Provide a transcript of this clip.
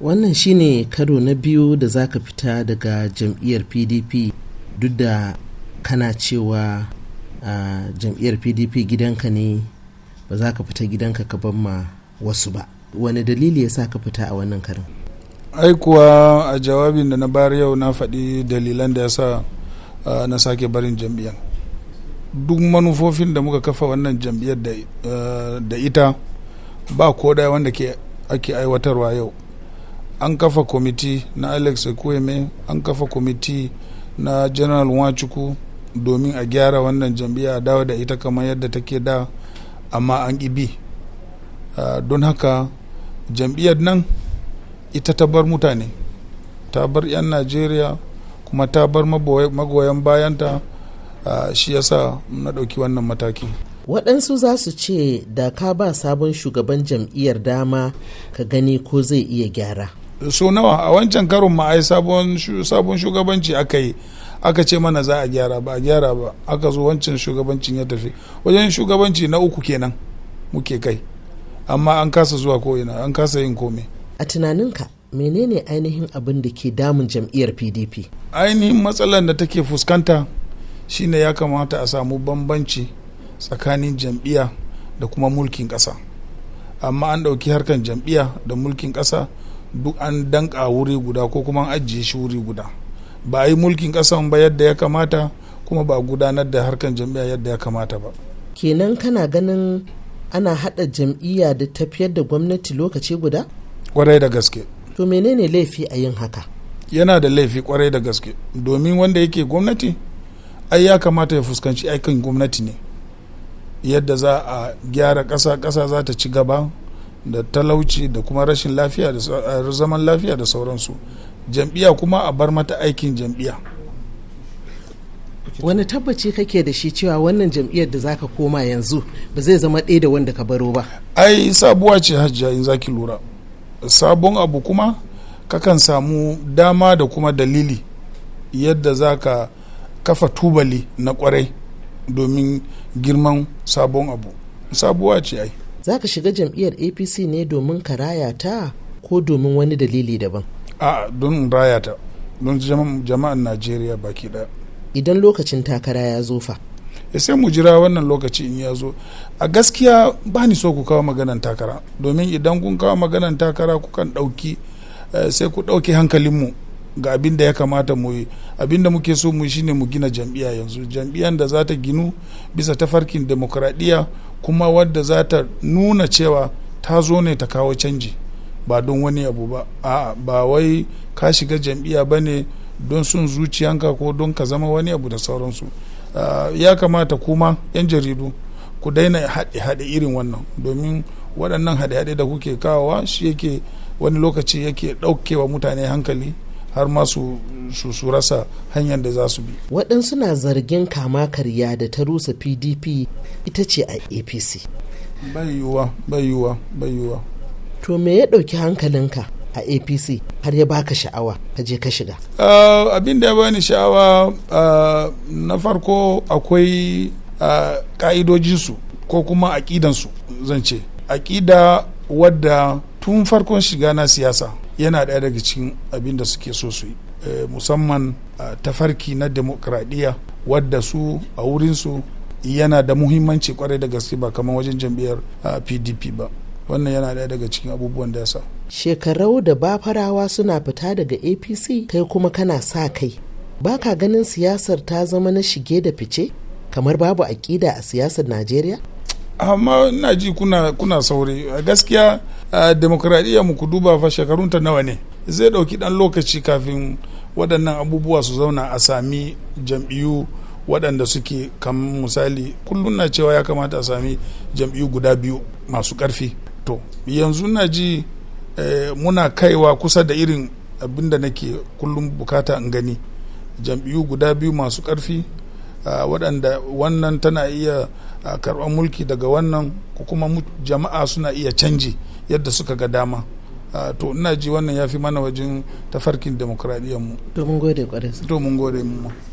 wannan shine karo na biyu da za ka fita daga jam'iyyar pdp duk da kana cewa a jam'iyyar pdp gidanka ne ba za ka fita gidanka ka ban ma wasu ba wani dalili ya sa ka fita a wannan karin aikuwa a jawabin da na bayar yau na faɗi dalilan da ya sa na sake barin jam'iyyar duk manufofin da muka kafa wannan jam'iyyar da, ita ba ko wanda ake aiwatarwa yau an kafa kwamiti na alex ekweme an kafa kwamiti na general wachuku domin a gyara wannan jam'iyya a dawo da ita kamar yadda take da amma an bi don haka jam'iyyar nan ita ta bar mutane ta bar 'yan najeriya kuma ta bar magoyan bayanta uh, shi yasa na ɗauki wannan mataki waɗansu za su ce da ka ba sabon shugaban jam'iyyar dama ka gani ko zai iya gyara so nawa a wancan karon ma ai sabon shugabanci aka yi aka ce mana za a gyara ba a gyara ba aka zo wancan shugabancin ya tafi wajen shugabanci na uku kenan muke kai amma an kasa zuwa ko ina an kasa yin komai a tunaninka menene ainihin abin da ke damun jam'iyyar pdp ainihin matsalar da take fuskanta shine ya kamata a samu bambanci tsakanin jam'iyya da kuma mulkin ƙasa amma an ɗauki harkar jam'iyya da mulkin ƙasa duk an danka wuri guda ko kuma an ajiye shi wuri guda ba a yi mulkin kasan ba yadda ya kamata kuma ba gudanar da harkan jam'iyya yadda ya kamata ba kenan kana ganin ana hada jam'iyya da tafiyar da gwamnati lokaci guda kwarai da gaske to menene laifi a yin haka yana da laifi kwarai da gaske domin wanda yake gwamnati ai ya kamata ya fuskanci aikin gwamnati ne yadda za a gyara ƙasa ƙasa za ta ci gaba da talauci da kuma rashin lafiya da eh, zaman lafiya da sauransu jam'iya kuma a bar mata aikin jam'iyya wani tabbaci kake da shi cewa wannan jam'iyyar da zaka koma yanzu ba zai zama ɗaya da wanda ka baro ba ai sabuwa ce hajjiya in zaki lura sabon abu kuma kakan samu dama da kuma dalili yadda za ka kafa tubali na kwarai domin girman sabon abu sabuwa ce ai za ka shiga jam'iyyar apc ne domin ka raya ta ko domin wani dalili daban a don raya don jama'an najeriya baki daya idan lokacin takara ya zo fa ya eh, sai mu jira wannan lokaci in ya zo a gaskiya ba ni so ku kawo maganan takara domin idan kun kawo maganan takara kukan ɗauki eh, sai ku ɗauki hankalinmu ga abin da ya kamata mu yi abin da muke so mu shine mu gina jam'iyya yanzu jam'iyyar da za ta ginu bisa tafarkin demokradiyya kuma wadda za ta nuna cewa ta zo ne ta kawo canji ba don wani abu ba a'a ba wai ka shiga jam'iyya ba ne don sun zuciyanka ko don ka zama wani abu da sauransu ah, ya kamata kuma 'yan jaridu ku daina haɗe-haɗe irin wannan domin waɗannan haɗe-haɗe da kuke kawowa shi yake wani lokaci yake ɗaukewa mutane hankali har ma su su rasa hanyar da za su bi waɗansu na zargin kama karya da ta rusa pdp ita ce a apc bai yiwuwa bai yiwuwa bai yiwuwa to me ya ɗauki hankalinka a apc har ya baka sha'awa ka je ka shiga ah, abin da ya bani sha'awa uh, na farko akwai uh, ka'idojinsu ko kuma aƙidansu zan ce aƙida wadda tun farkon shiga na siyasa yana ɗaya daga cikin abin da suke so su yi eh, musamman tafarki na demokradiyya wadda su a wurinsu yana da muhimmanci kwarai da gaske ba kamar wajen jam'iyyar pdp ba wannan yana ɗaya daga cikin abubuwan da ya sa shekarau da bafarawa suna fita daga apc kai kuma kana sa kai ba ka ganin siyasar ta zama na shige da fice kamar babu aƙida a siyasar najeriya amma ina ji kuna kuna sauri gaskiya a demokradiyya mu ku duba fa shekarunta nawa ne zai dauki dan lokaci kafin waɗannan abubuwa su zauna a sami jam'iyyu waɗanda suke kam misali kullum na cewa ya kamata a sami jam'iyyu guda biyu masu ƙarfi to yanzu na ji eh, muna kaiwa kusa da irin abinda nake kullum bukata in gani jam'iyyu guda biyu masu ƙarfi waɗanda wannan tana iya karɓar mulki daga wannan kuma jama'a suna iya canji yadda suka ga dama to ina ji wannan ya fi mana wajen tafarkin mu. to mun gode kwarai to mun gode mu